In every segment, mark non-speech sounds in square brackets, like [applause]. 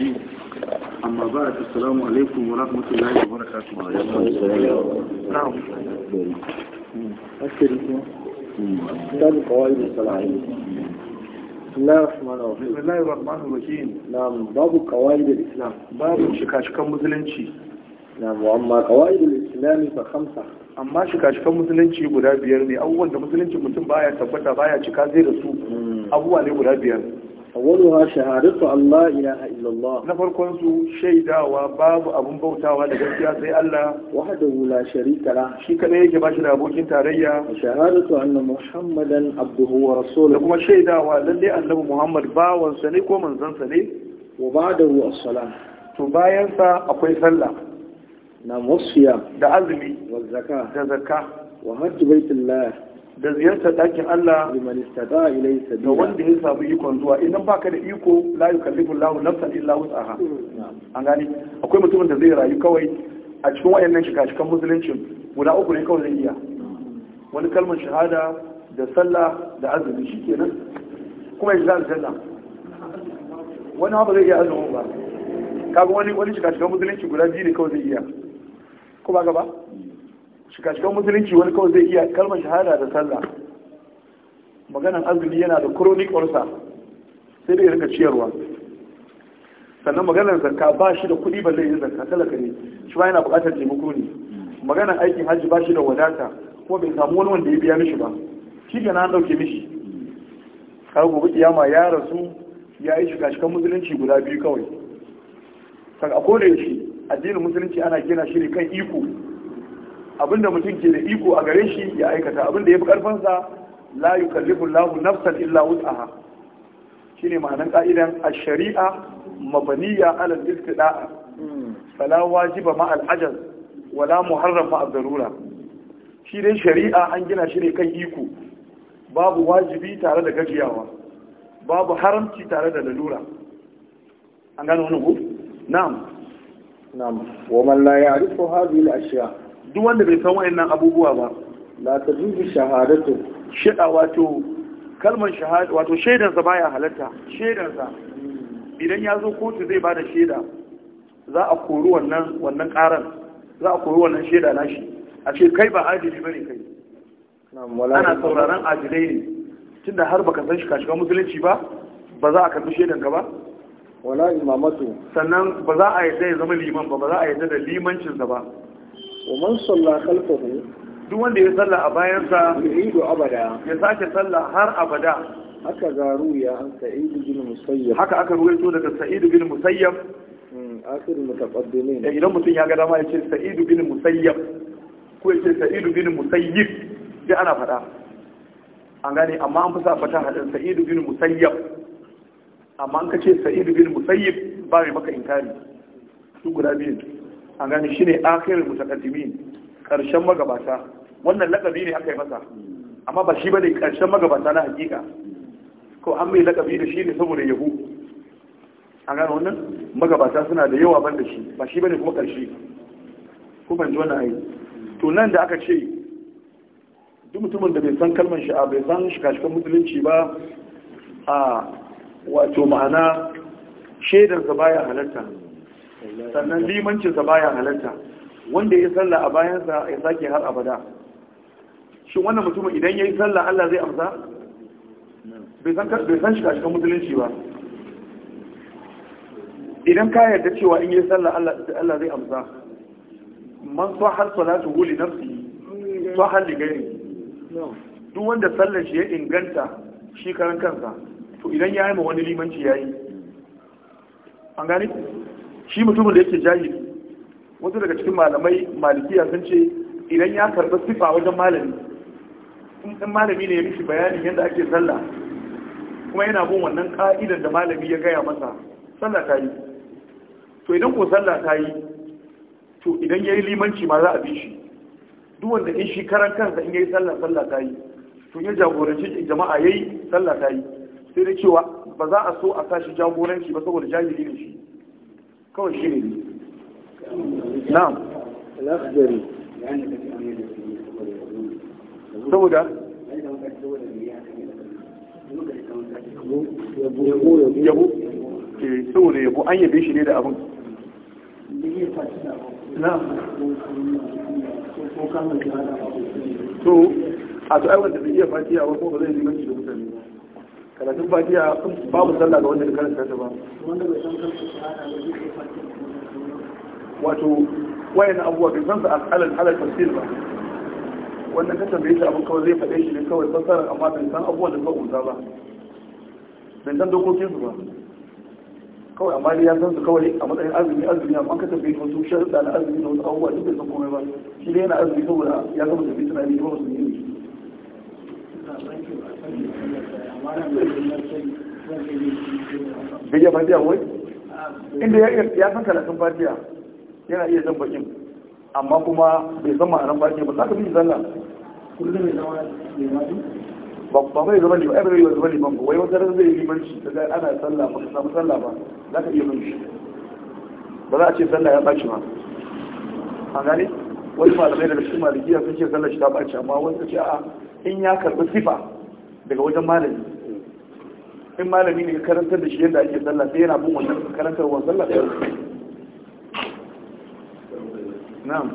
shi amma ba a salamu babu qawaid al Babu shikashikan musulunci. amma qawaid musulunci guda biyar ne. Abubuwan da musulunci mutum baya tabbata baya cika zai da su. Abubuwa ne guda biyar. awwaluha shahadatu Allah ilaha illallah na farkon su shaidawa babu abun bautawa da gaskiya sai Allah wahdahu la sharika la shi kada yake ba shi da abokin tarayya shahadatu anna muhammadan abduhu wa rasuluhu da kuma shaidawa lalle annabi muhammad bawan sa ne ko manzon sa ne wa ba'dahu as-salam to bayan sa akwai sallah na musiya da azumi wa zakka da zakka wa hajj baitullah da ziyartar ɗakin Allah da wanda ya samu ikon zuwa idan baka da iko la yukallifu Allahu nafsan illa wus'aha mm. an gani akwai mutumin da zai rayu kawai a cikin wayannan shika-shikan musulunci guda uku ne kawai zai iya wani kalmar shahada da sallah da azumi shikenan kuma ya zan sallah wani haka zai iya azumi ba kaga wani wani shika-shikan musulunci guda biyu ne kawai zai iya ko ba gaba shiga-shigan musulunci wani kawai zai iya kalmar shahada da sallah maganan azumi yana da chronic ulcer sai dai rika ciyarwa sannan maganar zakka ba shi da kuɗi zai yi zakka talaka ne shi ba yana buƙatar taimako ne maganar aikin hajji ba shi da wadata kuma bai samu wani wanda ya biya mishi ba shi ga na ɗauke mishi har gobe kiyama ya rasu ya yi shiga-shigan musulunci guda biyu kawai saka a koda yaushe addinin musulunci ana gina shi ne kan iko abinda mutum ke da iko a gare shi ya aikata abinda ya fi karfansa la yukallifu Allahu nafsan illa Shi ne ma'anar ƙa'idan, a sharia mabaniya ala al-istida'a fala wajiba ma al-ajaz wala muharram ma ad-darura shi dai shari'a an gina shi ne kan iko babu wajibi tare da gajiyawa babu haramci tare da lalura an gano wani ku na'am na'am wa man la ya'rifu hadhihi al-ashya' duk wanda bai san wayannan abubuwa ba la tajuzu shahadatu shida wato kalmar shahada wato shaidansa baya halatta shaidansa idan ya zo kotu zai bada shaida za a kori wannan wannan za a kori wannan shaida nashi a ce kai ba adili bane kai ana sauraron adilai ne tunda har baka san shi ka shiga musulunci ba ba za a karbi shaidanka ba wala imamatu sannan ba za a yadda ya zama liman ba ba za a yadda da limancinsa ba wa man salla khalfahu duk wanda ya yi salla a bayansa yuridu abada ya sake salla har abada haka zaru ya an sa'id bin musayyab haka aka ruwaito daga sa'id bin musayyab hmm, akhir mutaqaddimin eh, idan mutum ya ga dama ya ce sa'id bin musayyab ko ya ce sa'id bin musayyib sai ana faɗa an gane amma an fi sa fata hadin bin musayyab amma an ka ce sa'id bin musayyib ba mai maka inkari su guda biyu a gani shi ne akirin mutakaddimin karshen magabata wannan lakabi ne aka yi masa amma ba shi ba ne karshen magabata na hakika ko an mai lakabi da shi ne saboda yahu a gani wannan magabata suna da yawa ban da shi ba shi ba ne kuma karshe ko ban wannan ayi to nan da aka ce duk mutumin da bai san kalmar a bai san shikashikan musulunci ba a wato ma'ana shaidarsa baya halarta sannan limancinsa baya halarta wanda ya salla a bayansa ya sake har abada shi wannan mutumin idan ya yi salla Allah zai amsa bai san shiga cikin musulunci ba idan ka yarda cewa in yi salla Allah zai amsa man har salatu huli nafsi sahar ligari duk wanda sallar shi ya inganta shi karan kansa to idan ya yi ma wani limanci ya yi an gani shi mutumin da yake jahili wasu daga cikin malamai malikiya sun ce idan ya karɓi sifa wajen malami in ɗan malami ne ya mishi bayanin yadda ake sallah kuma yana bin wannan ka'idan da malami ya gaya masa sallah ta yi to idan ko sallah ta yi to idan ya yi limanci ma za a bi shi duk wanda in shi karan kansa in ya yi sallah sallah ta yi to ya jagoranci jama'a ya yi sallah ta yi sai da cewa ba za a so a sa shi jagoranci ba saboda jahili ne shi kawai shi ne na'am al-akhdari saboda yabo eh, saboda yabo an yabe shi ne da abin so a to aiwata bai iya da karatun fatiha babu sallah ga wanda da karanta ta ba wato wayan abuwa bai san su alal alal tafsir ba wannan ka tambaye shi abin kawai zai faɗe shi ne kawai fassara amma bai san abubuwan da ba kunta ba bai san dokokin su ba kawai amma dai ya san su kawai a matsayin azumi azumi amma ka tambaye shi wasu sharuɗa na azumi da wasu abubuwa duk bai san komai ba shi dai yana azumi saboda ya gama tafi tunani ba musulmi ne bai iya wai inda ya san karatun fadiya yana iya zan bakin amma kuma bai san ma'anar fatiya ba za ka bi zalla ba mai zama liman bai yi zama liman ba wai wata ran zai yi limanci daga ana sallah ba ka samu sallah ba za ka iya bin ba za a ce sallah ya ɓaci ba a gane wani malamai daga cikin malikiya sun ce sallah shi ta ɓaci amma wani ta ce a in ya karɓi sifa daga wajen malami in malami ne karantar da shi yadda ake sallah sai yana bin wannan karantar karantarwar sallah da yau na'am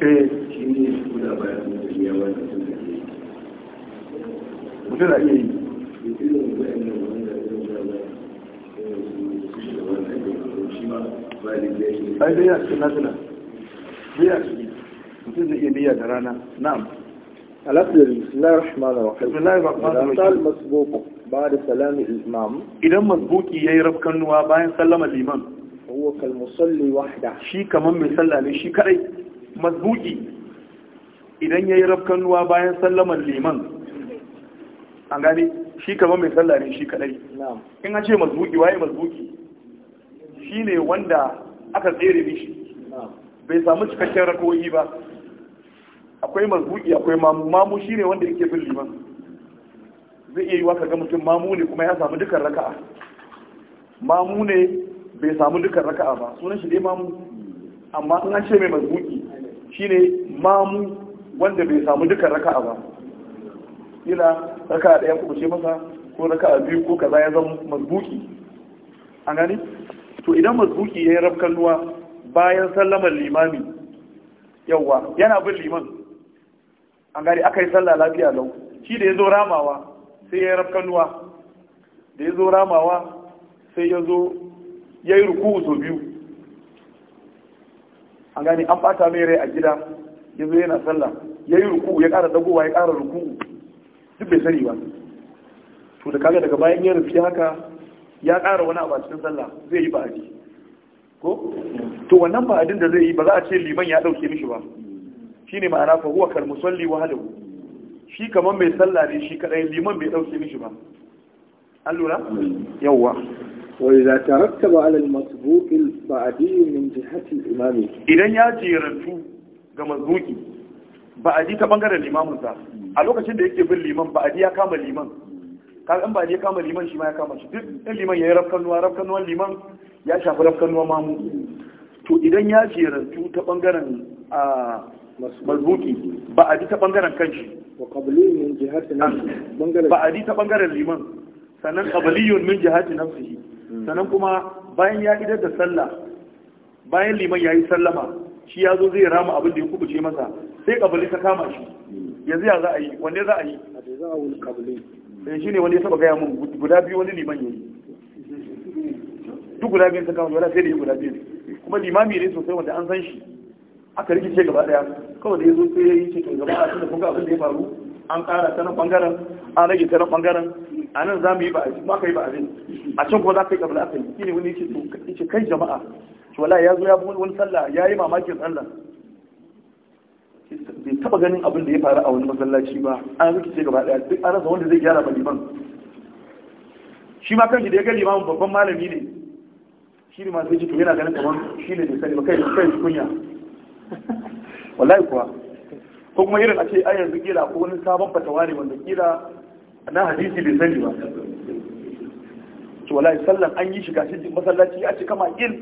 eh. mutum na iya yi ai biya na nasila biya ciki mutum zai iya biya da rana na'am Idan masbuki ya yi الرحيم nuwa bayan sallama liman, shi kamar mai بعد سلام الإمام إذا ne shi kadai masbuki idan yayi rafkanuwa bayan sallama liman an gane shi kaman mai salla ne shi kadai in an ce masbuki waye masbuki shine wanda aka tsere mishi bai samu cikakken rakoyi ba akwai mazbuki akwai mamu mamu shine wanda yake bin liman zai iya yi yiwa kaga mutum mamu ne kuma ya samu dukan raka'a mamu ne bai samu dukan raka'a ba sunan shi dai mamu amma in an ce mai mazbuki shine mamu wanda bai samu dukan raka'a ba ila raka'a daya kuma ce masa ko raka'a biyu ko kaza ya zama mazbuki an gani to idan mazbuki ya yi rafkan nuwa bayan sallamar limami yawa yana bin liman an gari aka yi sallah lafiya lau shi da ya zo ramawa sai ya yi rafkanuwa da ya zo ramawa sai ya zo ya yi ruku so biyu an gani an bata mai rai a gida ya zo yana sallah ya yi ruku ya kara dagowa ya kara ruku duk bai sani ba to da kaga daga bayan ya rufi haka ya kara wani abu a cikin sallah zai yi ba'adi ko to wannan ba'adin da zai yi ba za a ce liman ya dauke mishi ba Shi ne ma'ana fa huwa kal musalli wahdahu shi kaman mai sallah ne shi kadai liman bai dauke mishi ba an lura yawa wa idza tarattaba ala al masbuq al ba'di min jihati al imami idan ya jiratu ga mazbuki ba'di ta bangaren limamin sa a lokacin da yake bin liman ba'di ya kama liman kaga an ba'di ya kama liman shi ma ya kama shi duk liman yayi rafkan nuwa rafkan nuwa liman ya shafi rafkan nuwa mamu to idan ya jiratu ta bangaren a ah, mazbuti ba a ji ta bangaren kanshi ba a ji ta bangaren liman sannan kabaliyun min jihati nafsihi sannan kuma bayan ya idar da sallah bayan liman ya yi sallama shi ya zo zai rama abin da ya kubuce masa sai kabali ta kama shi yanzu ya za a yi wanne za a yi sai ne wani ya taba gaya mun guda biyu wani liman yi duk guda biyu ta kama wala sai da guda biyu kuma limami ne sosai wanda an san shi aka rikice gaba daya kawai da ya zo sai ya yi cikin gaba a cikin kuka abin da ya faru an kara ta nan bangaren an rage ta bangaren a nan za mu yi ba'azi ma ka yi ba'azin a can kuma za ka yi kabila aka yi ne wani yake kai jama'a to wala ya zo ya bi wani sallah ya yi mamakin sallah bai taba ganin abin da ya faru a wani masallaci ba an rikice gaba daya duk an rasa wanda zai gyara ba liman shi ma kan da ya ga liman babban malami ne shi ne masu yake to yana ganin kamar shi ne da sani ba kai kai kunya [laughs] wallahi kuwa ko kuma irin a ce a yanzu kila ko wani sabon fatawa ne wanda kila na hadisi bai sani ba to wallahi sallan an yi shiga shi masallaci a cika makil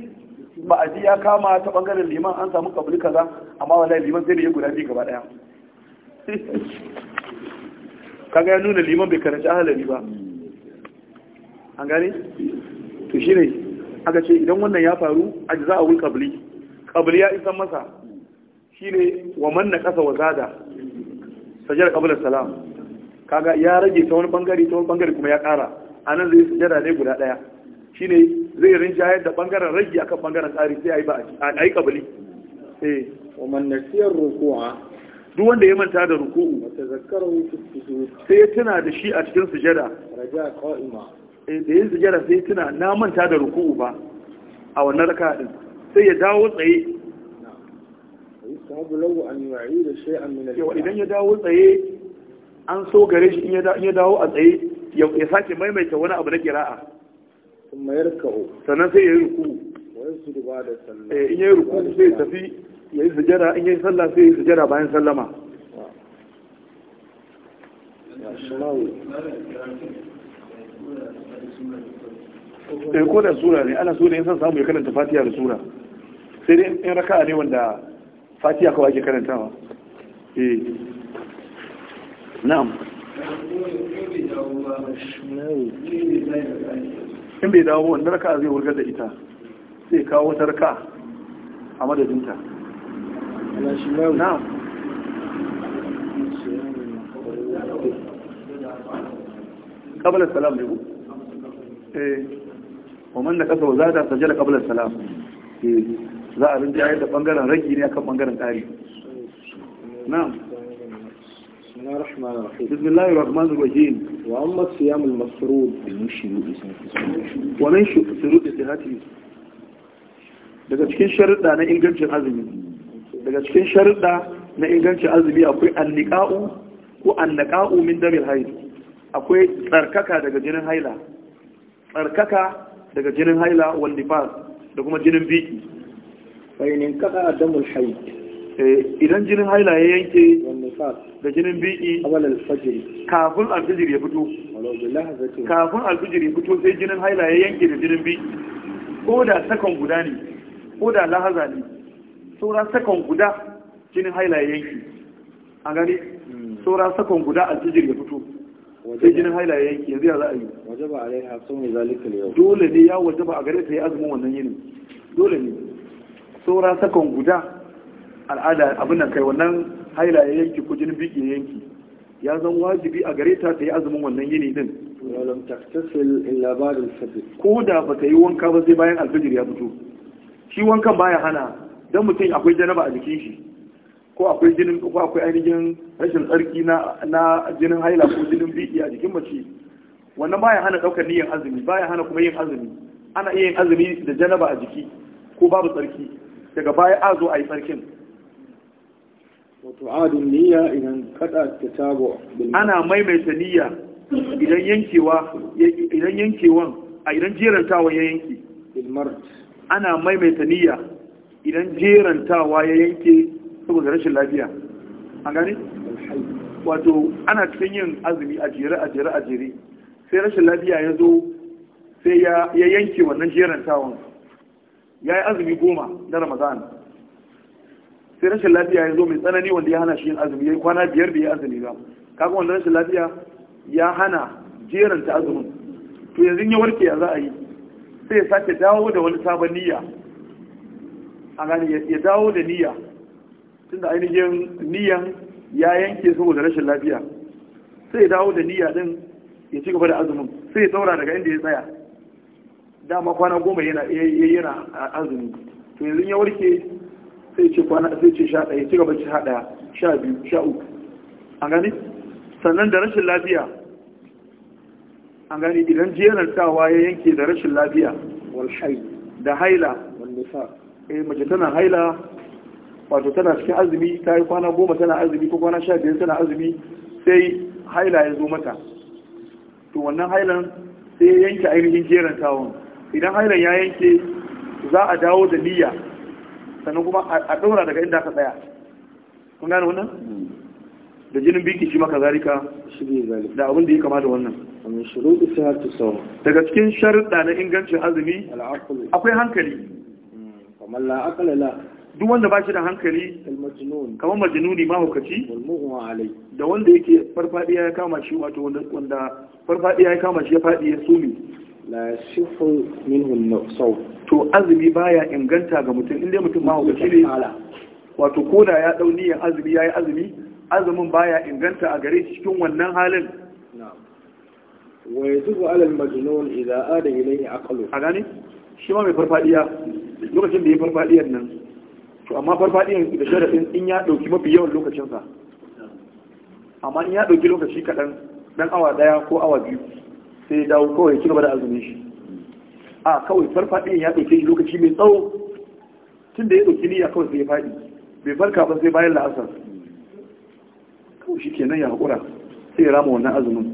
ma'aji ya kama ta bangaren liman an samu kabul kaza amma wallahi liman sai da ya guda biyu gaba daya [laughs] kaga ya nuna liman bai karanci ahalari ba an gane to shine aka ce idan wannan ya faru a za a wul kabli kabli ya isan masa shine wa man na kasa wa zada sajada qabla salam kaga ya rage ta wani bangare ta wani bangare kuma ya kara anan zai sajada ne guda daya shine zai rinjayar da bangaren rage akan bangaren tsari sai ayi ba yi kabali eh wa man siyar ruku'a duk wanda ya manta da ruku'u sai ya tuna da shi a cikin sujada raja qa'ima eh da yin sujada sai ya tuna na manta da ruku'u ba a wannan raka'a din sai ya dawo tsaye yusabu idan ya dawo gare a tsaye ya maimaita wani abu na kira'a sannan sai ya yi ruku eh, in ya yi ruku sai ya tafi ya yi eh, ko da sura ne ana so ne san samu ya karanta fatiha da sura sai dai in raka'a ne wanda fatiha kawai ake karantawa eh na'am in bai dawo wanda raka zai wurgar da ita sai kawo wata raka a madadinta na'am kabalar salam ne ku? eh wa manna kasa wa zada sajjala kabalar salam eh za a rinjayar da bangaren ragi ne akan bangaren ƙari na'am بسم الله na ingancin azumi daga cikin na ingancin azumi akwai anniqa'u ko min damil hayd akwai tsarkaka daga jinin haila tsarkaka daga da kuma jinin biki fainin kada damul haid idan jinin haila ya yanke da jinin bi'i kafin alfijir ya fito kafin alfijir ya fito sai jinin haila ya yanke da jinin bi'i ko da sakon guda ne ko da lahaza ne saura sakon guda jinin haila ya yanke a gani hmm. saura sakon guda alfijir ya fito sai jinin haila ya yanke yanzu ya za a yi dole ne ya wajaba a gare ta yi azumin wannan yini dole ne saura sakon guda al'ada abin nan kai wannan haila ya yanki ko jinin biki ya yanki ya zan wajibi a gare ta ta yi azumin wannan yini din ko da ta yi wanka ba sai bayan alfajir ya fito shi wankan baya hana don mutum akwai janaba a jikin shi ko akwai jinin ko akwai ainihin rashin tsarki na na jinin haila ko jinin biki a jikin mace wannan baya hana daukar niyyar azumi baya hana kuma yin azumi ana iya yin azumi da janaba a jiki ko babu tsarki daga baya a zo a yi tsarkin wato adun niyya idan kada ta tabo ana maimaita niyya idan yankewa idan yankewan a idan jerantawa ya yanke ana maimaita niyya idan jerantawa ya yanke saboda rashin lafiya an gani wato ana cikin yin azumi a jere a jere a jere sai rashin lafiya ya zo sai ya yanke wannan jerantawan ya yi azumi goma na ramadan sai rashin lafiya ya zo mai tsanani wanda ya hana shi yin azumi ya yi kwana biyar da ya azumi ba kaga wanda rashin lafiya ya hana jeranta azumin to yanzu ya warke ya za a yi sai ya sake dawo da wani sabon niyya a gani ya dawo da niyya da ainihin niyyan ya yanke saboda rashin lafiya sai ya dawo da niyya din ya ci gaba da azumin sai ya saura daga inda ya tsaya dama kwana goma yana yana azumi to yanzu ya warke sai ce kwana sai ce sha ɗaya ci gaba ci sha ɗaya sha biyu sha uku an gani sannan da rashin lafiya an gani idan jiyanar tawa ya yanke da rashin lafiya da haila eh mace tana haila wato tana cikin azumi ta yi kwana goma tana azumi ko kwana sha biyar tana azumi sai haila ya zo mata to wannan hailan sai ya yanke ainihin jeran tawon idan hairan ya yanke za a dawo da niyya sannan kuma a ɗaura daga inda ka tsaya kun gane wannan da jinin biki shi maka zarika da abin da ya kama da wannan daga cikin sharuɗa na ingancin azumi akwai hankali hmm. duk wanda ba shi da hankali kamar majinuni mahaukaci da wanda yake farfadiya ya kama shi wato wanda farfadiya ya kama shi ya faɗi ya sumi la shifu minhu nafsau to azumi baya inganta ga mutum inda mutum ma hukunci ne wato ko ya dau niyyar azumi yayi azumi azumin baya inganta a gare shi cikin wannan halin wa yajibu ala al-majnun idza ada ilayhi aqlu a gani, shi ma mai farfadiya lokacin da ya farfadiyar nan to amma farfadiyar da sharadin in ya dauki mafi yawan lokacin sa amma in ya dauki lokaci kadan dan awa daya ko awa biyu sai ya dawo kawai ci gaba da azumin shi a kawai farfaɗin ya ɗauke shi lokaci mai tsawo tun da ya ɗauki niyya kawai sai ya faɗi bai farka ba sai bayan la'asar kawai shi kenan ya haƙura sai ya rama wannan azumin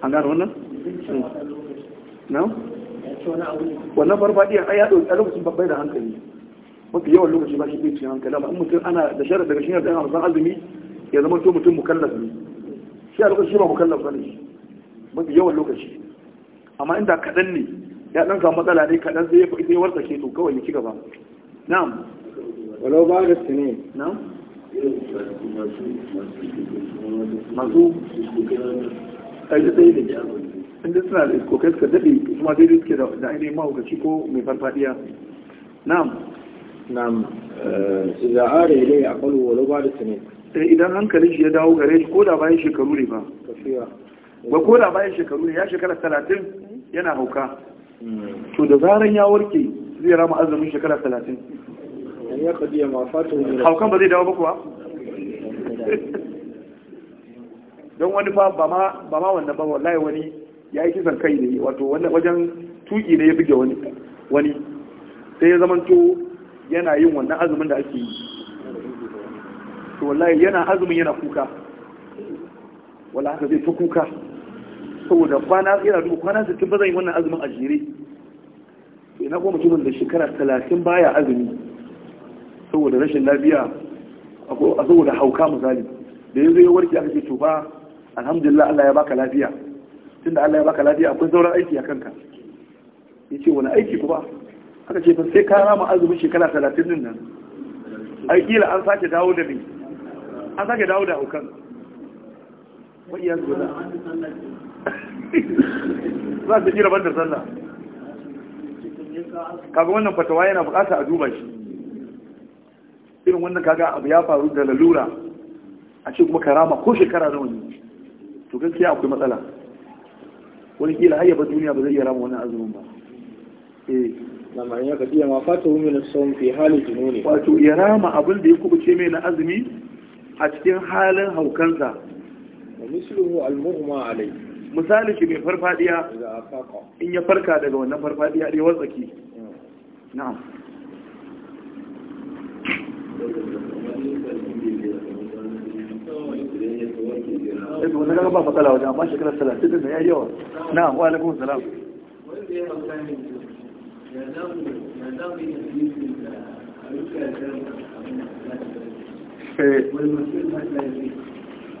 an gane wannan? na? wannan farfaɗiyar ai ya ɗauki a lokacin babbai da hankali mafi yawan lokaci ba shi bai cikin hankali amma in mutum ana da sharar daga shi ne da yana azumi ya zama to mutum mukallaf ne shi a lokacin shi ba mukallaf ba ne mafi yawan lokaci amma inda kaɗan ne ya ɗan samu matsala ne kaɗan zai yi zai warta ke to kawai ya ci gaba na'am walau ba da su ne na'am masu aiki tsaye inda suna da iskokai suka daɗe kuma daidai suke da ainihin mahaukaci ko mai farfadiya na'am na'am eh, idan are ne a kwallo walau ba da su ne eh, idan hankalin shi ya dawo gare shi ko da bayan shekaru ne ba ba ko bayan shekaru ne ya shekara talatin yana hauka to da zaren ya warke zai rama azumin shekara talatin haukan ba zai dawo ba kuwa don wani ba ba ma wannan ba wallahi wani ya yi kisan kai ne wato wajen tuki ne ya buge wani wani sai ya zamanto yana yin wannan azumin da ake yi to wallahi yana azumin yana kuka wala haka zai kuka saboda kwana yana duk kwana su ba zai wannan azumin a jere na kuma mutumin da shekara talatin baya azumi saboda rashin lafiya a saboda hauka misali da yanzu ya warke aka ce to ba alhamdulillah Allah ya baka lafiya tunda Allah ya baka lafiya akwai sauran aiki a kanka Ya ce wani aiki kuma aka ce sai ka rama azumin shekara talatin din nan ai kila an sake dawo da ni an sake dawo da haukan ma'iya su guda za su ji rabar da sallah kaga wannan fatawa yana bukata a duba shi irin wannan kaga abu ya faru da lalura a ce kuma karama ko shekara na wani, to gaskiya akwai matsala wani kila har yaba duniya ba zai iya rama wani azumin ba eh lamar ya kadiya ma fata wumi na son fi halin jinuni wato ya rama abin da ya kubuce mai na azumi a cikin halin haukansa ومثله المغمى عليه مثالك بفرفا ديا إذا أفاق إن يفرقا دقوا أن فرفا ديا ليوزكي نعم نعم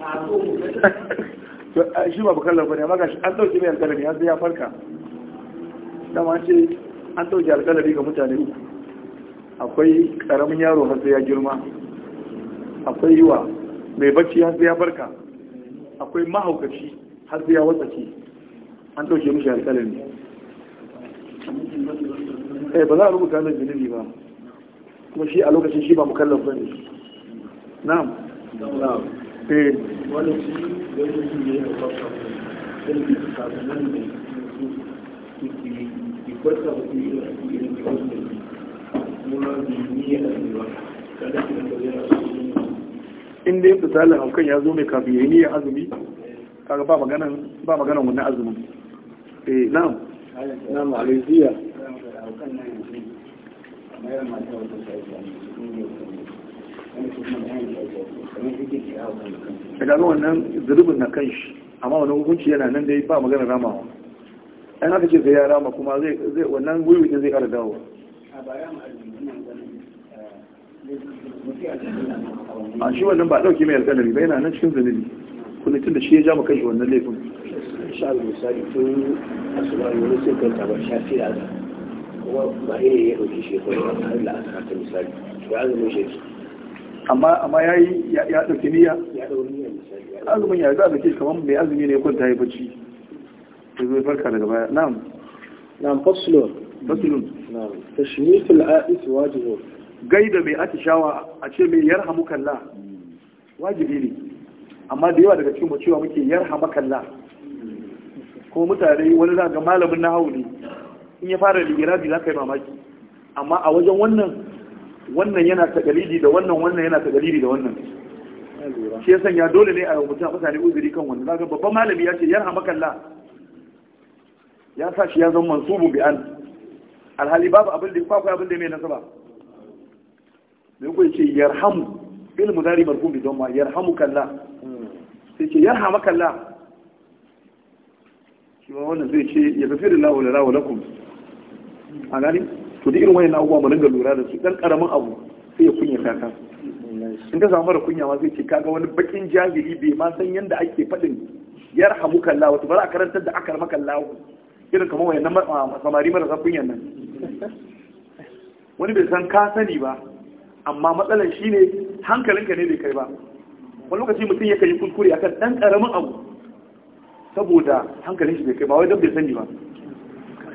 [laughs] shi ba bukallar ba ne amma gashi an dauke mai alƙalami, har sai ya farka dama ce an dauke alkalami ga mutane uku akwai karamin yaro har sai ya girma akwai yiwa mai bacci har sai ya farka akwai mahaukaci har sai ya watsake an dauke mishi alkalami eh ba za a rubuta nan jini ba kuma shi a lokacin shi ba mukallaf bane na'am na'am haukan ya zo mai kafin niyyar azumi kaga ba ba maganan azumin eh, haukan nan mata daga wannan zurbin na kan shi amma wani hukunci yana nan dai ba magana ramawa ɗan haka ce zai ya rama kuma zai wannan wiwi ɗin zai ƙara dawo a shi wannan ba ɗauki mai alƙalari ba yana nan cikin zunubi kuma tun da shi ya ja mu kanshi wannan laifin sha misali tun asuba wani sai kanta ba fi da kuma ba ya ɗauki shekaru a tsarin da aka misali to ya shi amma amma ya yi niyya ya dauki niyya azumin ya za a dauke kamar mai azumi ne kwanta ya bacci to zai farka daga baya na'am na'am faslun faslun na'am tashmitul a'is wajibu gaida mai atishawa a ce mai yarhamukallah wajibi ne amma da yawa daga cikin mu cewa muke yarhamukallah kuma mutane wani za ga malamin nahawu ne in ya fara ligirabi za ka yi mamaki amma a wajen wannan wannan yana tagalidi da wannan wannan yana tagalidi da wannan shi ya sanya dole ne a rubuta mutane uzuri kan wannan zaga babban malami ya ce yar hamakalla ya sa shi ya zama mansubu bi an alhali babu abin da kwakwai abin da mai nasaba da ya ce yarhamu ilmu mudari marhum bi dhamma yarhamu kalla sai ce yarhama kalla shi ma wannan zai ce ya gafiru lahu lana wa lakum a gani to da irin wani abubuwa mu dinga lura da su dan karamin abu sai ya kunya kaka in ka samu mara kunya ma zai ce kaga wani bakin jahili bai ma san yanda ake faɗin yarhamuka Allah wato a karantar da akar maka Allah irin kamar wani nan samari marasa kunyan nan wani bai san ka sani ba amma matsalar shi ne hankalinka ne bai kai ba wani lokaci mutum ya yi kuskure akan dan karamin abu saboda hankalin shi bai kai ba wai dan bai sani ba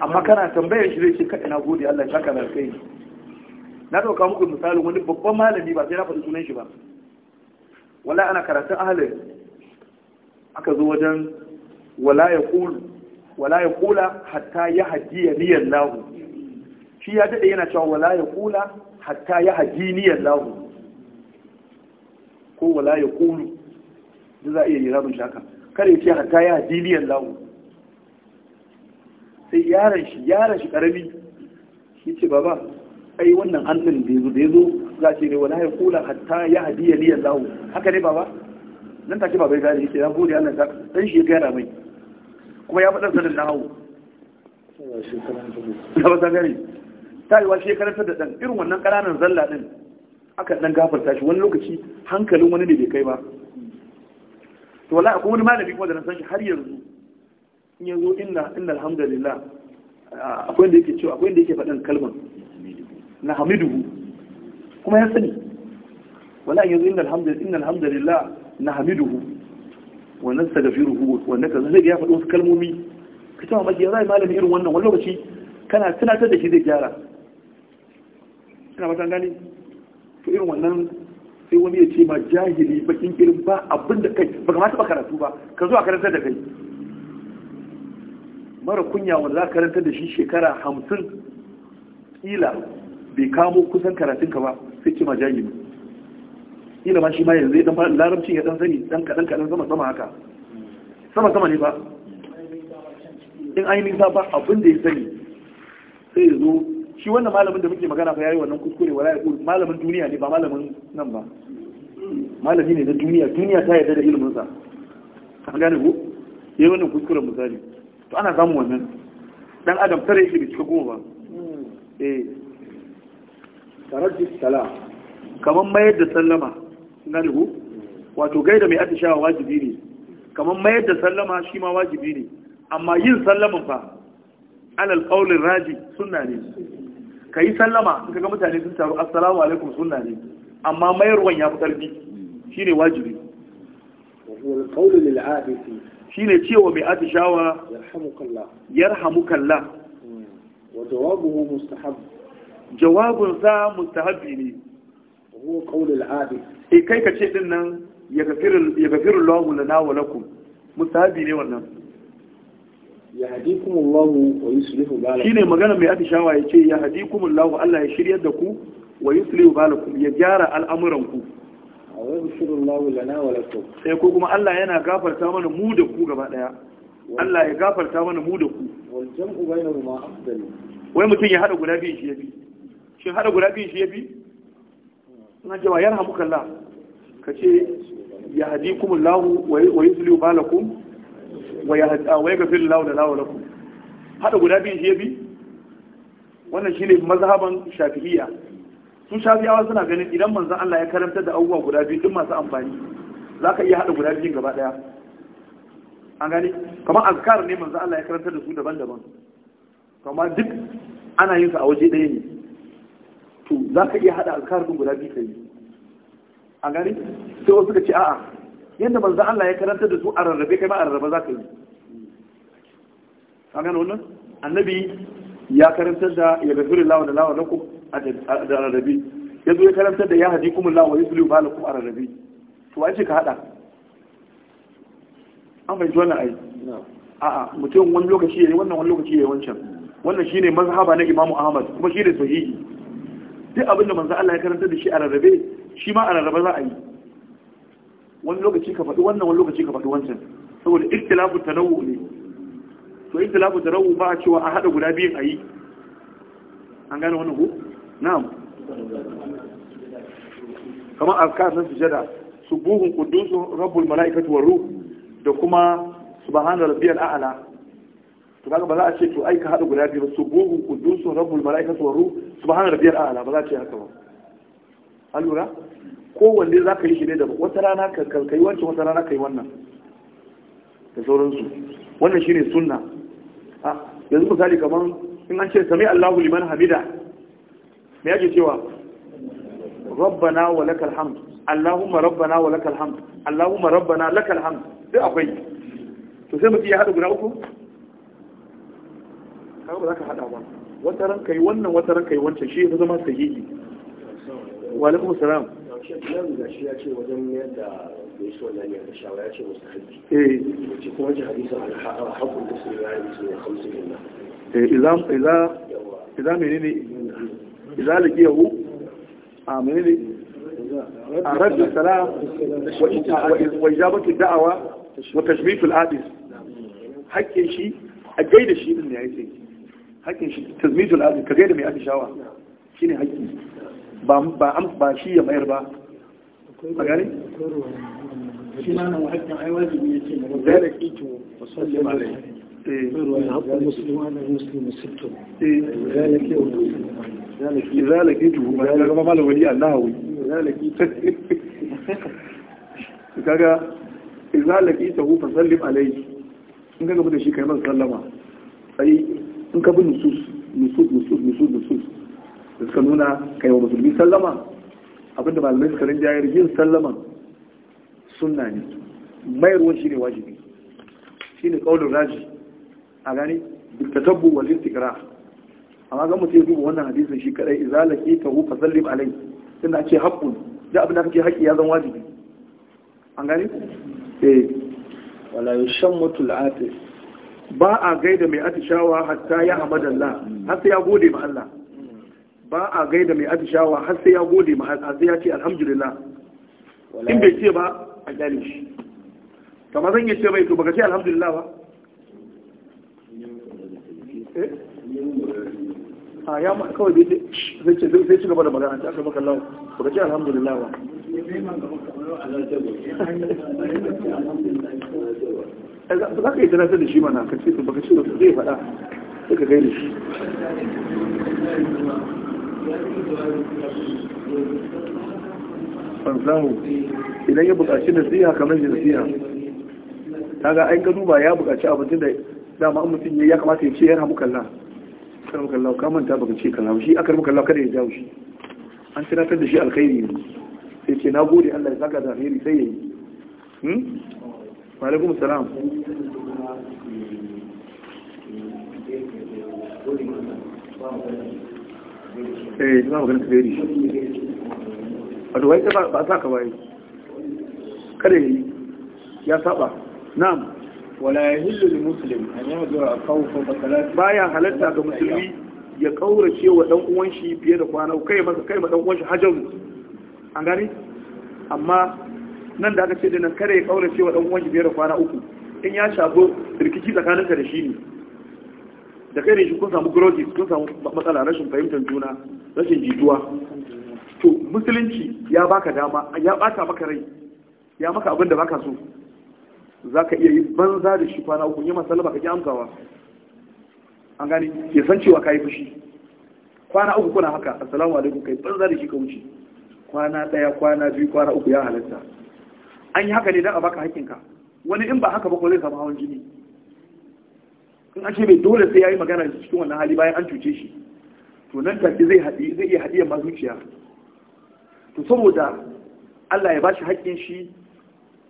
amma kana tambayar shi zai ce kaɗa na gode Allah ya kana kai na ɗauka muku misalin wani babban malami ba sai na faɗi sunan shi ba wala ana karatun ahalin aka zo wajen wala ya kulu wala ya kula hatta ya niyan lahu shi ya daɗe yana cewa wala ya kula hatta ya haji niyan lahu ko wala ya kulu da za a iya yi rabin shaka kare ce hatta ya haji niyan lahu sai yaron shi yaron shi karami shi ce baba ai wannan annan da yazo da yazo za ce ne wala ya kula hatta ya hadiya liya lahu haka ne baba nan take baba ya ce. yace na gode Allah ta dan shi ya gara mai kuma ya fada sanin nahawu ta ba ta gani ta yi wa karanta da dan irin wannan ƙananan zalla din aka dan gafarta shi wani lokaci hankalin wani ne bai kai ba to wala akwai wani malami kuma da na san shi har yanzu yanzu inna inna alhamdulillah akwai da yake cewa akwai da yake faɗin kalmar na hamidu kuma ya sani wala yanzu inna alhamdulillah inna alhamdulillah na hamidu wa nastaghfiruhu wa nakaza zai ya faɗi wasu kalmomi ka tama maki ya zai malami irin wannan wani lokaci kana tunatar da shi zai gyara kana ba gani to irin wannan sai wani ya ce ma jahili bakin kirin ba abin da kai ba kamata ba karatu ba ka zo a karantar da kai mara kunya wanda za ka karanta da shi shekara hamsin ila bai kamo kusan karatunka ba sai ce majahili ila ma shi ma yanzu dan fara larabci ya dan sani dan kadan kadan sama sama haka sama sama ne ba in ainihin sa ba abin da ya sani sai zo shi wannan malamin da muke magana fa yayi wannan kuskure wala ya kuri malamin duniya ne ba malamin nan ba malami ne na duniya duniya ta yarda da ilimin sa an gane ko yayi wannan kuskuren misali to ana zamu wannan dan adam tare shi da cika goma hmm. eh tarajjis salam kaman mayar da sallama gani hmm. wato gaida mai atishawa wajibi ne kaman mayar da sallama shi ma wajibi ne amma yin sallaman fa alal qawlin raji sunna ne kai sallama kaga mutane sun taru assalamu alaikum sunna ne amma mayarwan ya fi karfi shine wajibi wa huwa al-qawlu lil-'abisi shine cewa mai atishawa ya yarhamukallah hmm. wa jawabuhu sa mustahabi ne E kai ka ce din nan ya gafiru ya gafiru Allahu lana mustahabi ne wannan ya hadikum Allahu wa yuslihu shi shine magana mai atishawa ya ce, ya kuma Allahu Allah ya shiryar da ku wa yuslihu ku. ya gyara al'amuranku sai ko kuma Allah yana gafarta mana mu da ku gaba daya Allah ya gafarta mana mu da ku wai mutum ya hada guda biyun shi ya bi. shin hada guda biyun shi ya bi? na cewa yana hamukalla ka ce ya haji kuma lahu wa yi zuliyu balakum wa ya gafir lahu da lahu lakum hada guda biyun shi ya bi? wannan shi shine mazhaban shafi'iyya sha shafiyawa suna ganin idan manzan Allah ya karanta da abubuwa guda biyu duk masu amfani za ka iya haɗa guda biyun gaba ɗaya an gani kamar azkar ne manzan Allah ya karanta da su daban-daban kama duk ana yin su a waje ɗaya ne to za ka iya haɗa azkar ɗin guda biyu kai an gani sai wasu ka ce a'a yadda manzan Allah ya karanta da su a rarrabe kai ma a rarrabe za ka yi an gani wannan annabi ya karanta da ya gafirin lawa da lawa kuma da rarrabe ya zo ya karantar da ya haji kuma la wa yusli ba lakum rarrabe to ai ce ka hada an fahimci wannan ai a'a mutum wani lokaci yayi wannan wani lokaci yayi wancan wannan shine mazhaba na Imamu Ahmad kuma shine ne sahihi duk abinda manzo Allah ya karanta da shi a rarrabe shi ma a rarrabe za a yi wani lokaci ka faɗi wannan wani lokaci ka faɗi wancan saboda ikhtilafu tanawwu ne to ikhtilafu tanawwu ba a cewa a hada guda biyun a yi an gane wannan ko na'am kamar azkar na sujada subuhun qudusun rabbul malaikatu war ruh da kuma subhana rabbiyal a'la to kaga ba za a ce to ai ka guda biyu subuhun qudusun rabbul malaikatu war ruh subhana rabbiyal a'la ba za a ce haka ba an lura kowanne za ka yi shi ne da wata rana ka kai wancan wata rana ka yi wannan da sauransu wannan shine sunna ah, yanzu misali kamar in an ce sami Allahu liman hamida me yake cewa rabbana wa lakal hamd allahumma rabbana wa lakal hamd allahumma rabbana lakal hamd sai akwai to sai mutum ya hada guda uku kaga ba za ka hada ba wata ran kai wannan wata ran kai wancan shi ya zama sahihi wa alaikum salam nan ga shi da eh, yi لذلك يهو آمين آه، رد السلام وإجابة الدعوة وتجميف العادس حكي شيء أجيد شيء من يعيسي حكي شيء تزميز العادس كغير من يعيسي شاوة شيني حكي ba am ba shi ya mayar شيء a gani? shi ma na wajen aiwazi ne ce ذلك يجب [laughs] ما يجب ما له ولي sallama in ka nusus nusus nusus da suka nuna kai wa musulmi sallama abinda malamai suka rinjayar yin sallaman sunna ne mayarwar shi wajibi shi ne a gani tatabbu wal istiqra amma ga mutum ya duba wannan hadisin shi kadai idza laqitahu fasallim alai tunda ce haƙƙun. da abin da kake haƙƙi, ya zan wajibi an gani eh wala shan mutul atis ba a gaida mai atishawa hatta ya hamadallah har sai ya gode ma Allah ba a gaida mai atishawa har sai ya gode ma Allah sai ya ce alhamdulillah in bai ce ba a gani shi kamar zan yi ce mai to baka ce alhamdulillah ba Eh? a ah, ya ma kawai dai zai ce zai ci gaba da magana ta gaba kallon ku ga ce alhamdulillah ba eh, za ka yi tunatar da shi mana ka ce baka ce wasu zai faɗa sai ka gaida shi fansahu idan ya buƙaci nasiha kamar shi ta ga ai ka duba ya buƙaci abincin da dama an mutum ya kamata ya ce yar hamu kalla kar mu kalla ka manta baka ce kalla shi akar mu kalla kada ya jawo shi an tunatar da shi alkhairi ne sai ce nagode Allah ya saka da alheri sai yayi hmm wa alaikum salam eh ina magana ta gairi a duwai ba sa ka bai kada yayi ya saba na'am wala yahillu lil ان an yahzura akawu بايا حلتا halatta ga musulmi ya kaurace wa dan uwan shi fiye da kwana kai masa kai ma dan uwan shi hajaru an gani amma nan da aka ce dinan kare ya kaurace wa dan uwan shi fiye da kwana uku in ya shago rikici tsakaninka da shi ne da kai ne shi kun samu grogis kun samu matsala rashin fahimtar juna rashin jituwa to musulunci ya baka dama ya baka maka rai ya maka abin da baka so za ka iya yi banza da shi kwana uku yi masalama ka ji amsawa an gani Ke san cewa ka yi fushi kwana uku kuna haka assalamu alaikum kai banza da shi ka wuce kwana ɗaya kwana biyu kwana uku ya halatta an yi haka ne don a baka hakinka wani in ba haka ba ko zai samu hawan jini in ake bai dole sai ya yi magana da cikin wannan hali bayan an cuce shi to nan take zai haɗi zai iya haɗiyar ma zuciya to saboda Allah ya bashi haƙƙin shi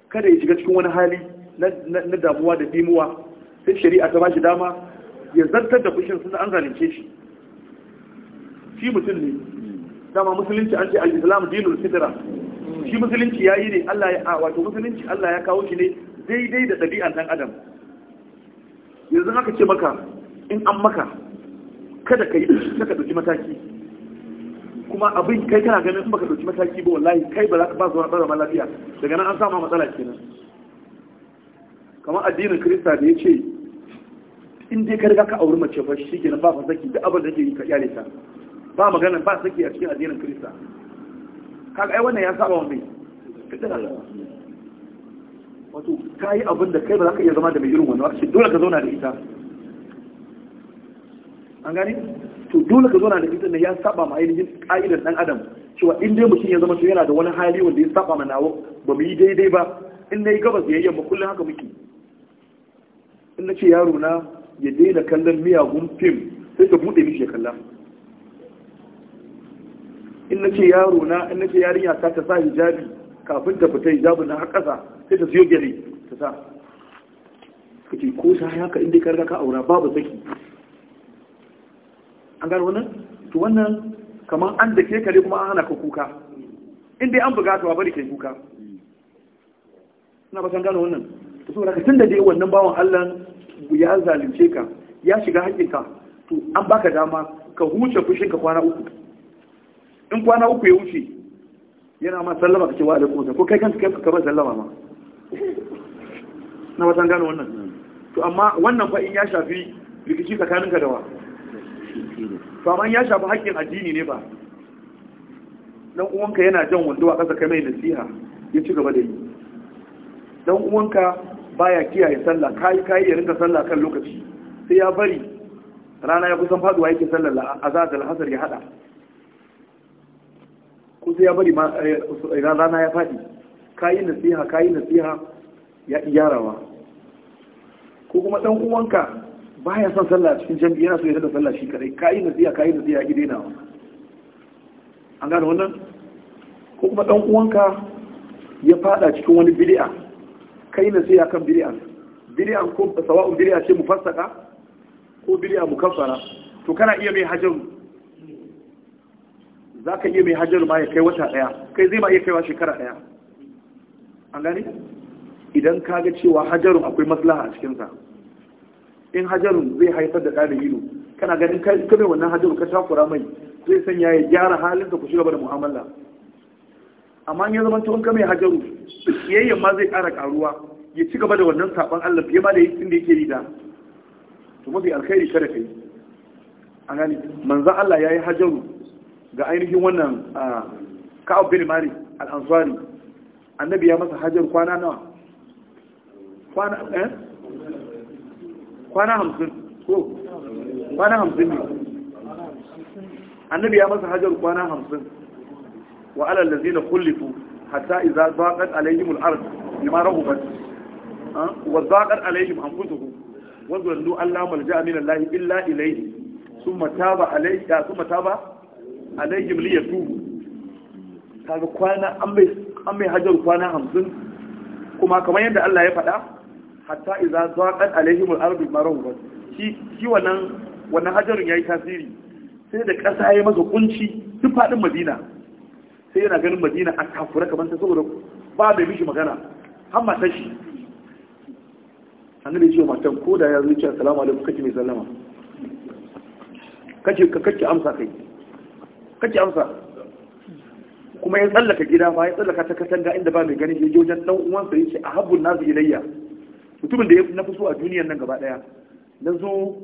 kada ya shiga cikin wani hali na damuwa da bimuwa sai shari'a ta bashi dama ya zartar da fushin suna an zalince shi shi mutum ne dama musulunci an ce al-islam dinul fitra shi musulunci ya yi ne Allah ya wato musulunci Allah ya kawo shi ne daidai da dabi'an ɗan adam yanzu haka ce maka in an maka kada ka yi ka ɗauki mataki kuma abin kai kana ganin in baka ɗauki mataki ba wallahi kai ba za ka ba zuwa ba lafiya daga nan an sama matsala kenan kamar addinin kirista da ya ce in dai ka riga ka auri mace ba shi kenan ba saki da abin da ke yi ka yare ta ba magana ba saki a cikin addinin kirista kaga ai wannan ya saba wani wato ka yi abin da kai ba za ka iya zama da mai irin wani wasu dole ka zauna da ita an gani to dole ka zauna da ita ne ya saba ma ainihin ka'idar dan adam cewa in dai mutum ya zama to yana da wani hali wanda ya saba ma nawo ba mu yi daidai ba in na yi gabas yayyan ba kullum haka muke in na ce yaro na ya daina kallon miyagun fim sai ka buɗe mishi ya kalla in na ce yaro na in na ce yarinya ta ta sa hijabi kafin ta fita hijabi na har ƙasa sai ta siyo gari ta sa ka ce ko sa haka inda ka riga ka aura babu saki an gano wannan to wannan kamar an da ke kare kuma an hana ka kuka inda an buga bari kai kuka ina ba san gano wannan saboda ka tun da dai wannan bawan Allah ya zalunce ka ya shiga haƙƙinka to an baka dama ka huce fushin ka kwana uku in kwana uku ya wuce yana ma sallama ka ce wa alaikum ko kai kanka kai ka bar sallama ma na wata gano wannan to amma wannan fa in ya shafi rikici tsakanin ka da wa to amma ya shafi haƙƙin addini ne ba dan uwanka yana jan wando a ƙasa kai mai nasiha ya ci gaba da yi dan uwanka baya kiyaye sallah kai kai ya rinka sallah kan lokaci sai ya bari rana ya kusan faduwa yake sallar azhar da alhasar ya hada ko sai ya bari ma eh, eh, rana ya fadi kai nasiha kai nasiha ya iyarawa ko kuma dan uwanka baya son sallah cikin jami'i yana so ya rinka sallah shi kai kai nasiha kai nasiha ya gidena an gane wannan ko kuma dan uwanka ya fada cikin wani bid'a kai sai kan bid'an bid'an ko sawa'un bid'a ce mufassaka ko bid'a mukaffara to kana iya mai hajaru zaka iya mai hajar ma ya kai wata daya kai zai ma iya kaiwa shekara daya an gani? idan ka ga cewa hajarun akwai maslaha a cikinsa in hajarun zai haifar da ɗanin ido kana ganin kai wannan hajarun ka takura mai zai sanya ya gyara halin ka ku shiga da mu'amala amma ya zama tun kame hajaru kiyayyen ma zai ƙara ƙaruwa ya ci gaba da wannan saɓon Allah fiye ma da yi tun da yake yi da to mafi alkhairi kada ka yi a gani manzan Allah ya yi hajaru ga ainihin wannan ka'ab bin mari al'ansuwari annabi ya masa hajar kwana nawa kwana eh? kwana hamsin ko kwana hamsin ne annabi ya masa hajar kwana hamsin wa alal ladzina khulifu hatta idza zaqat alaihim al-ard bima rahubat wa zaqat alaihim anfusuhum wa dhallu alla malja'a amina Allah illa ilayhi thumma taba alayka thumma taba alaihim liyatubu kaga kwana an mai an hajar kwana hamsin. kuma kamar yadda Allah ya faɗa hatta idza zaqat alaihim al-ard bima rahubat shi shi wannan wannan hajarun yayi tasiri sai da ƙasa ya yi masa kunci duk faɗin Madina sai yana ganin madina a kafura kamar ta saboda ba bai mishi magana har matan shi annabi ce matan ko da ya zo ce assalamu alaikum kace mai sallama kace ka kace amsa kai kace amsa kuma ya tsallaka gida ba ya tsallaka ta katanga inda ba mai ganin yaje wajen dan uwansa yace ahabbun nazi ilayya mutumin da ya nafi so a duniyar nan gaba daya na zo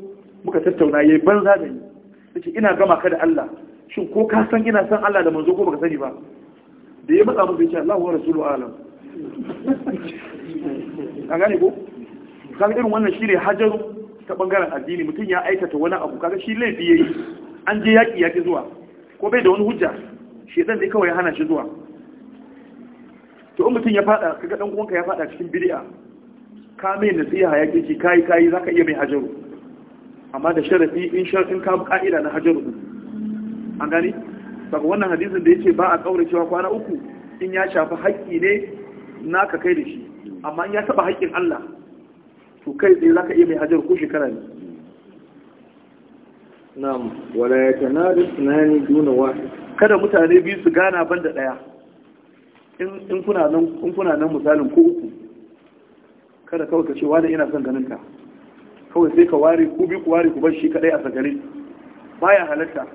muka tattauna yayi banza da ni ina gama ka da Allah shin ko ka san ina san Allah da manzo ko baka sani ba da ya matsa musu ya Allahu wa rasulu alam an gane ko kan irin wannan shine hajaru ta bangaren addini mutum ya aikata wani abu kaga shi laifi yayi an je yaki yaki zuwa ko bai da wani hujja shedan dai kawai ya hana shi zuwa to in mutum ya fada kaga dan uwanka ya fada cikin bid'a ka mai nasiha ya kici kai kai zaka iya mai hajaru amma da sharafi in shar'in ka ka'ida na hajaru an gani saka wannan hadisin da ce ba a kaura cewa kwana uku in ya shafi haƙƙi ne naka kai da shi amma in ya taba haƙƙin Allah to kai tsaye zaka iya mai hajar ko shekara ne na'am wala ya yatanadu sunani duna wa? kada mutane biyu su gana banda daya in kuna nan in kuna nan misalin ko uku kada kawai ka ce wani ina son ganin ka kawai sai ka ware ku bi ku ware ku bar shi kadai a sagare baya halatta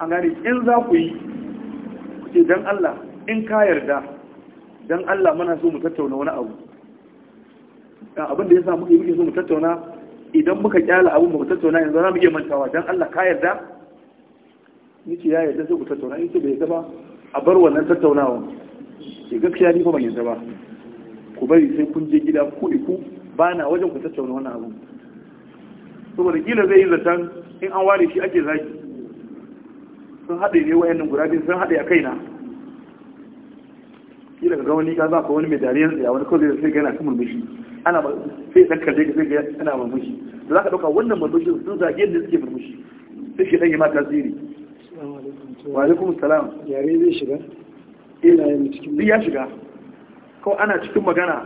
an gari in za ku yi ku ce don Allah in ka yarda don Allah mana so mu tattauna wani abu abin da ya sa muke muke so mu tattauna idan muka kyala abin mu tattauna yanzu za mu iya mantawa don Allah ka yarda ni ce ya yarda sai ku tattauna in ce bai yarda ba a bar wannan tattaunawa ke gaskiya ni fa ban yarda ba ku bari sai kun je gida ku iku ba na wajen ku tattauna wani abu saboda kila zai yi zaton in an ware shi ake zaki sun haɗe ne wayannan guda biyu sun haɗe a kaina shi daga wani ka za ka wani mai dariyar tsaya wani kawai sai gana kan murmushi ana ba sai dan kalle zai sai ga ana murmushi da za ka ɗauka wannan murmushi sun zage ne suke murmushi sai shi ɗan yi ma tasiri wa alaikum salam yare zai shiga ina eh, yin cikin ya shiga kawai ana cikin magana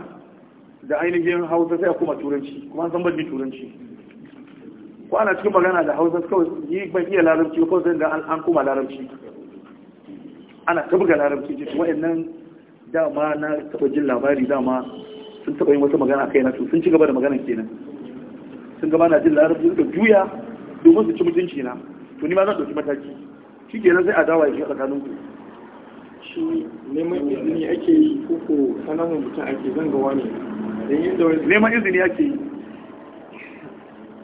da ainihin hausa sai a koma turanci kuma an san ban turanci ko ana cikin magana da hausa kawai yi ban iya larabci ko sai da an kuma larabci ana ta buga larabci ce wa'annan dama na taɓa jin labari dama sun taɓa yin wata magana kai na sun ci gaba da magana kenan sun gaba na jin larabci suka juya domin su ci mutunci na to ni ma zan ɗauki mataki shi kenan sai a dawa ya shi a tsakanin ku shi neman izini ake yi ko ko sanarwar mutum ake zangawa ne neman izini ake yi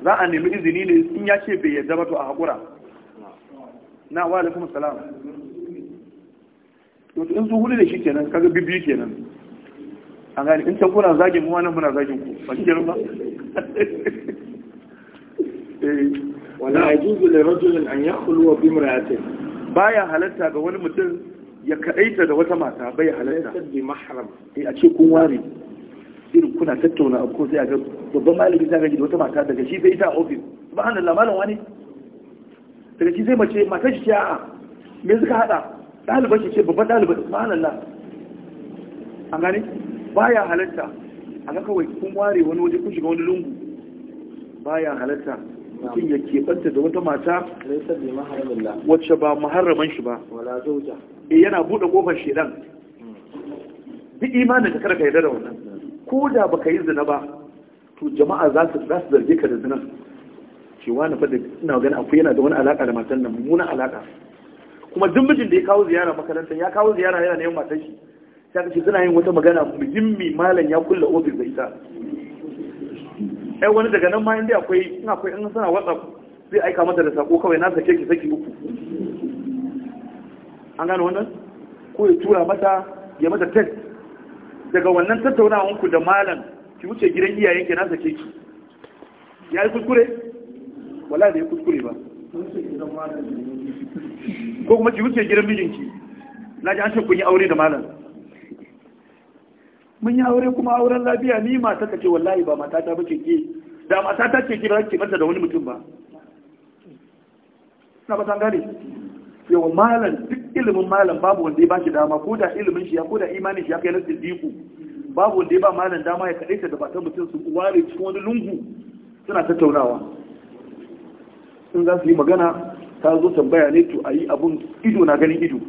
za a nemi izini ne in ya ce bai yadda ba to a haƙura na wa da kuma salam to in su hudu da shi kenan kaga bibiyu kenan a gani in ta kuna zagin mu wannan muna zagin ku ba shi ba [laughs] eh. wala yajuzu li rajulin an yakhlu bi imra'atin baya halatta ga wani mutum ya kadaita da wata mata bai halatta bi mahram eh a ce kun ware irin kuna tattauna abu ko sai a ga babban malami za ka ji da wata mata daga shi sai ita a ofis subhanallah malam wani daga shi sai mace mata shi a me suka hada daliban shi ce babban daliban subhanallah an gane baya halatta a ga kawai kun ware wani waje kun shiga wani lungu baya halatta mutum ya keɓanta da wata mata wacce ba muharraman shi ba e yana buɗe ƙofar shedan duk imanin ka karka yadda da wannan ko da baka yi zina ba to jama'a za su zarge ka da zina cewa na fada ina gani akwai yana da wani alaka da matan nan mummunan alaka kuma duk mijin da ya kawo ziyara makaranta ya kawo ziyara yana neman matan shi Ya kace suna yin wata magana muhimmi malam ya kulle ofis da ita ai wani daga nan ma inda akwai ina akwai in suna whatsapp zai aika mata da sako kawai na sake ki saki uku an gano wannan ko ya tura mata ya mata text daga wannan tattaunawanku da malam ki wuce gidan iyayenki na sake ki ya yi kuskure wala da ya kuskure ba ko kuma ki wuce gidan mijinki na ji an ce kun yi aure da malam mun yi aure kuma auren lafiya ni mata ta ce wallahi ba mata ta bace ke da mata ta ce ba ki mata da wani mutum ba na ba san gane yau malam duk ilimin malam babu wanda ya bashi dama ko da ilimin shi ya ko da imanin shi ya kai na siddiku babu wanda ya ba malam dama ya ta da batan mutum su ware cikin wani lungu suna tattaunawa in za su yi magana ta zo tambaya ne to a yi abun ido na ganin ido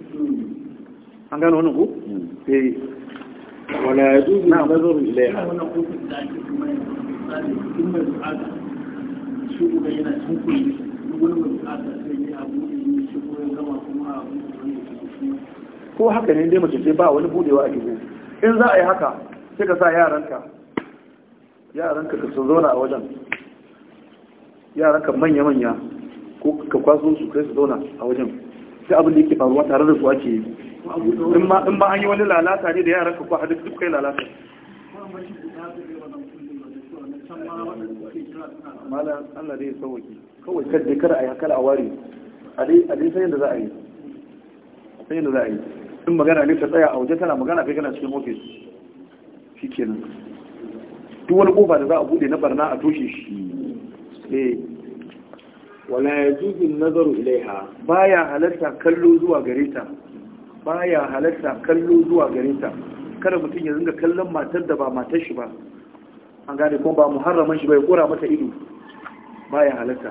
an gano wani ko? Hmm. eh wala ya zuzu na nazarin ilaiha kofin da ake kuma mai yana wani mai sai ya abu ko haka ne dai mace ce ba wani budewa a gizo in za a yi haka sai ka sa yaranka yaranka ka sun zauna a wajen yaranka manya-manya ko ka kwaso su kai su zauna a wajen sai abin da yake faruwa tare da su ake yi in ba an yi wani lalata ne da yaranka ko hadis duk kai lalata malam Allah ya sauwaki kawai kadda kada a yi hakala a ware a dai sai yadda za a yi yadda za a yi in magana ne ta tsaya a waje tana magana kai kana cikin ofis shi kenan duk wani kofa da za a bude na barna a toshe shi ne. Eh. wala yajuzu an-nazaru ilaiha ya halatta kallo zuwa gare ta ba ya halatta kallo zuwa gare ta kada mutum ya ringa kallon matar da ba matar shi ba an gane kuma ba muharraman shi bai kura mata ido Ba ya halatta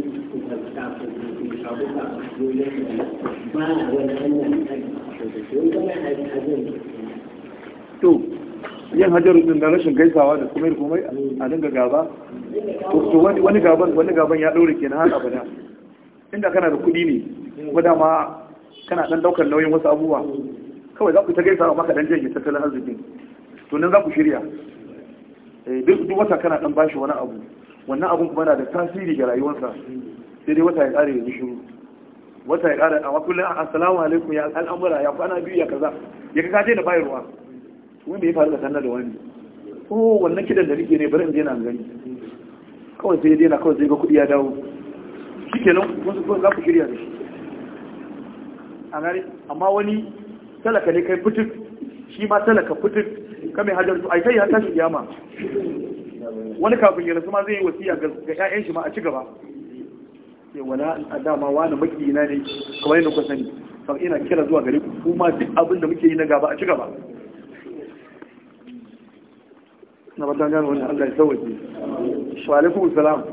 abuka dole ba wani hanyar to yin hajjar rukun da rashin gaisawa da kuma komai a dinga gaba to wani gaban wani gaban ya daure kenan har abada inda kana da kuɗi ne kuma dama kana ɗan daukar nauyin wasu abubuwa kawai za ku ta gaisawa maka ɗan jirgin tattalin arzikin to nan za ku shirya eh, duk wata kana ɗan bashi wani abu wannan abun kuma na da tasiri ga rayuwarsa sai dai wata ya kare yanzu shiru wata ya ƙare amma kullum ah, assalamu alaikum ya al'amura ya kwana biyu ya kaza ya kaga dai da ruwa wanda ya faru da sanna da wani oh wannan kidan da nake ne bari in je na gani kawai sai dai na kawai sai ga kuɗi ya dawo shikenan wasu ko za ku shirya da shi a gari amma wani talaka ne kai fituk shi ma talaka ka kame hajar su kai ya tashi kiyama wani kafin ya rasu ma zai yi wasiya ga 'ya'yan shi ma a ci gaba ce wala dama wani makiyina ne kamar yadda kuka sani sau ina kira zuwa gari kuma duk abin da muke yi na gaba a ci gaba na ba ta wani Allah ya sauwaje wa alaikum salam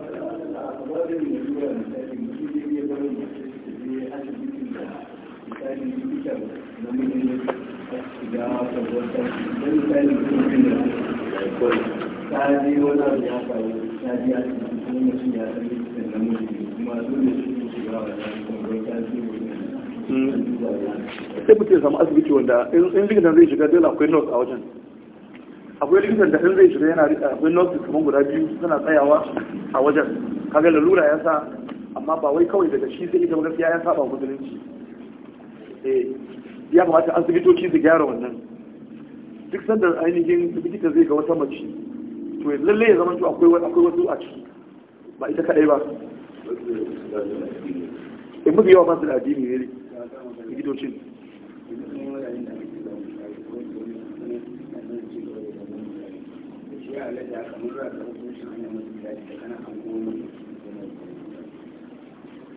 ta ji wani abu ya faru ta ji je asibiti kuma mutum ya sami da namiji sai mutum ya samu asibiti wanda in likitan zai shiga dole akwai nurse a wajen akwai likitan da in zai shiga yana akwai nurse kamar guda biyu suna tsayawa a wajen kaga lalura ya sa amma ba wai kawai daga shi sai ita gaskiya ya saba musulunci eh, ya kamata asibitoci su gyara wannan duk sanda ainihin likita zai ga wata mace to lalle ya zama akwai wasu a ciki ba ita kadai ba in eh, mafi yawa masu da addini ne likitocin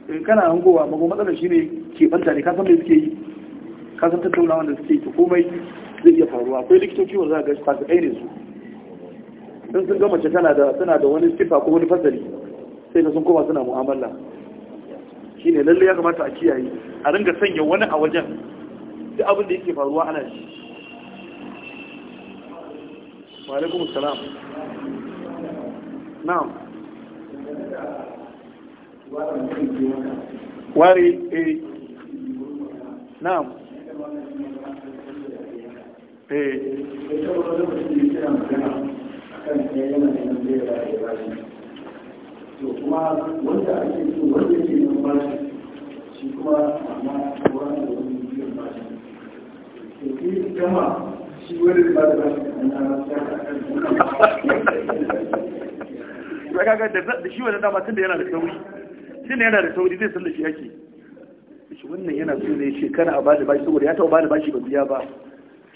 in kana hangowa mago matsalar shi ne ke keɓanta ne kasan mai suke yi kasan tattaunawa da suke yi ta komai zai iya faruwa akwai likitoci wanda za a gashi fasu ɗaya ne su sun sun gama tana da wani stifa ko wani fasali sai da sun koma suna mu'amala shi ne lalle ya kamata a kiyaye a ringa sanya wani a wajen duk abin da yake faruwa ana shi salam na'am ware eh na'am eh to kuma wanda ake so wanda ke nan bashi shi kuma amma wani da wani biyan bashi to ke gama shi wani ba da bashi nan ba kaga da shi wani dama tun da yana da sauri tun da yana da sauri zai san da shi ake shi wannan yana so ne ce kana a bada bashi saboda ya taɓa bada bashi ba biya ba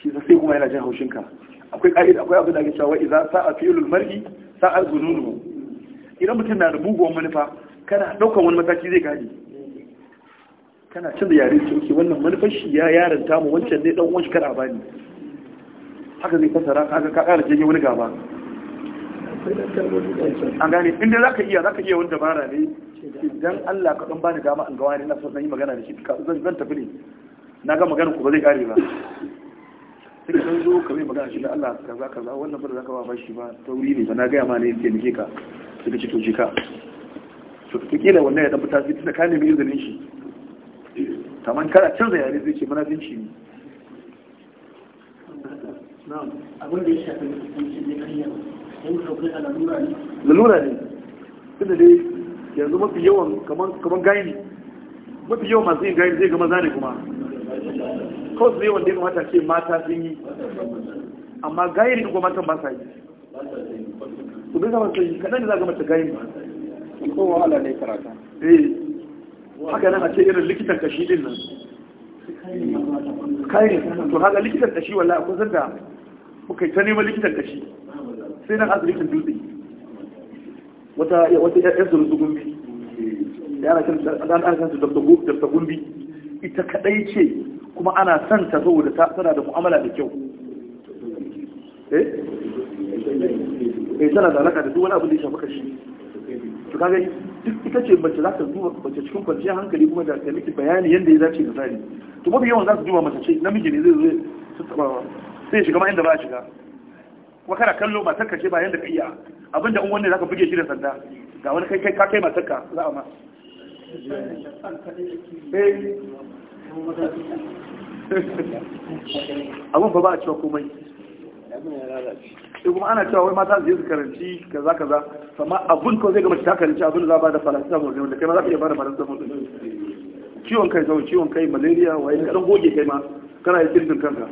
shi sai kuma yana jin haushinka akwai ka'ida akwai abin da ake cewa idan sa'a fi'lul mar'i sa'a zununuhu idan mutum na da muguwan manufa kana ɗaukar wani mataki zai gane kana cin da yare ce wannan manufar shi ya yaran tamu wancan ne ɗan wancan kara bani haka zai fasara haka ka ƙara jirgin wani gaba an gane inda za ka iya za ka iya wani dabara ne idan allah ka ɗan bani dama an gawa ne na zan yi magana da shi zan tafi ne na ga magana ku ba zai ƙare ba sai ka zo ka mai magana shi da Allah kaza kaza wannan ba da ka ba shi ba tauri ne ba na gaya ma ne yake nike ka suka ci to jika to ta kila wannan ya tabbata sai tunda ka nemi izinin shi kamar kana canza yare zai ce munafinci ne abin da ya shafi lalura ne tunda dai yanzu mafi yawan kamar gaini mafi yawan masu yin gaini zai gama maza ne kuma kawai su ne wanda ya kamata ce mata sun yi amma gairi ko matan ba sa yi ku duka masu yi kaɗan da za ga mace gayin ko wahala ne karata eh haka nan a ce irin likitan kashi din nan kai to haka likitan kashi wallahi akwai zanda muka ta neman likitan kashi sai nan asibitin dutse wata wata yar zuru gumbi yara kan dan an kan da da gumbi ita kadai ce kuma ana son ta saboda tana da mu'amala da kyau eh eh tana da alaka da duk wani abu da ya shafi kashi to kaga duk ita ce mace za ta duba mace cikin kwanciyar hankali kuma da ta miki bayani yadda ya dace da tsari to mafi yawan za su duba mace ce namiji ne zai zo su taba sai shiga ma inda ba a shiga kuma kana kallo matar ka ce ba yadda ka iya abinda in za ka buge shi da sanda ga wani kai kai ka kai matar ka za a ma eh. [laughs] abin ba ba a cewa komai sai kuma ana cewa wai mata zai je su karanci kaza kaza amma abun ko zai gama ta karanci abun da za ba da falasita ne wanda kai ma za ka iya ba da paracetamol ne ciwon kai zau ciwon kai malaria waye ka dan goge kai ma kana yi sirrin kanka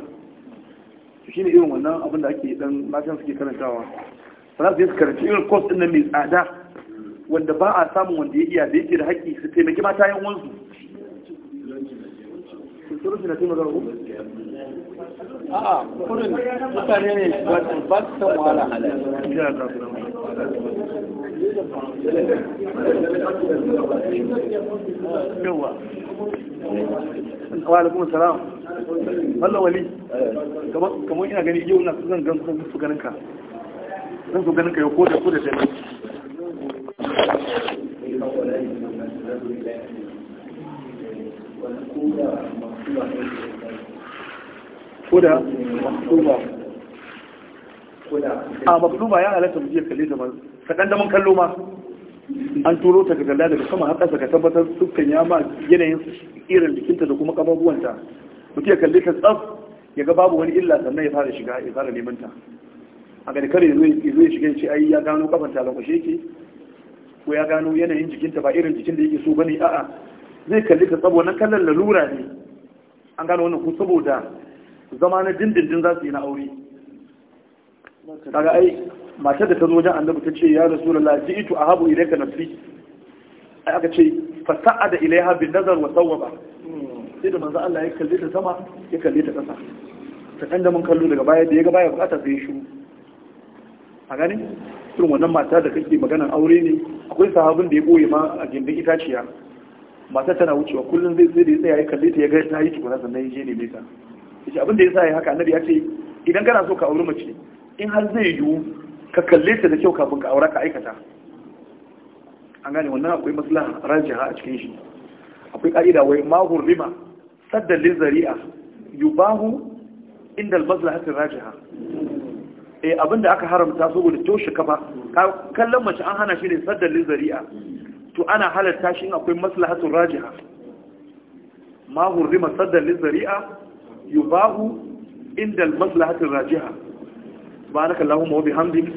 shi ne irin wannan abin da ake dan matan suke karantawa falasita zai su karanci irin kos din nan mai tsada wanda ba a samun wanda ya iya da yake da haƙƙi su taimaki mata yan wansu. Sun taimaka a'a kudin mutane ne ba su san wahala yawa wa alaikum salam wallan wali kamar ina gani yau na zan gan su ganin ka zan su ganin ka yau ko da ko da sai Thank you. ko da a makluma ya halatta mu je kalle da kaɗan da mun kallo ma an turo ta ga daga sama har ƙasa ka tabbatar dukkan ya ma yanayin irin jikinta da kuma kababuwanta mutum ya kalle ta tsaf ya ga babu wani illa sannan ya fara shiga ya fara neman ta a ga kare ya zo ya shiga ya ce ai ya gano ta lokaci yake ko ya gano yanayin jikinta ba irin jikin da yake so bane a'a zai kalli ta tsabo nan kallon lalura ne an gano wannan ko saboda zama na dindindin za su yi na aure ga ai matar da ta zo wajen annabi ta ce ya rasulullah ji'tu ahabu ilayka nafsi ai aka ce fa sa'ada ilayha bin nazar wa sawaba sai da manzo Allah ya kalle ta sama ya kalle ta kasa ta kanda mun kallo daga baya da ya ga baya bukata sai shiru a gani irin wannan mata da kake maganan aure ne akwai sahabin da ya boye ma a gindin itaciya mata tana wucewa kullum zai zai da ya tsaya ya kalle ta ya ga ta yi tukuna sannan ya je ne ta shi abin da sa yi haka annabi ya ce idan kana so ka auri mace in har zai yi ka kalle ta da kyau kafin ka aura ka aikata an gane wannan akwai maslaha rajiha a cikin shi akwai ka'ida wai ma hurrima saddan lin zari'a yubahu inda almaslahatin rajiha eh abinda aka haramta saboda toshe kafa kallon mace an hana shi ne saddan lin zari'a to ana halarta shi akwai maslahatun rajiha ma hurrima saddan lin zari'a yubahu inda maslahatin rajiha subhanaka allahumma wa bihamdik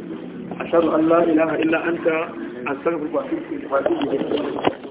ashhadu an la ilaha illa anta astaghfiruka wa atubu ilayk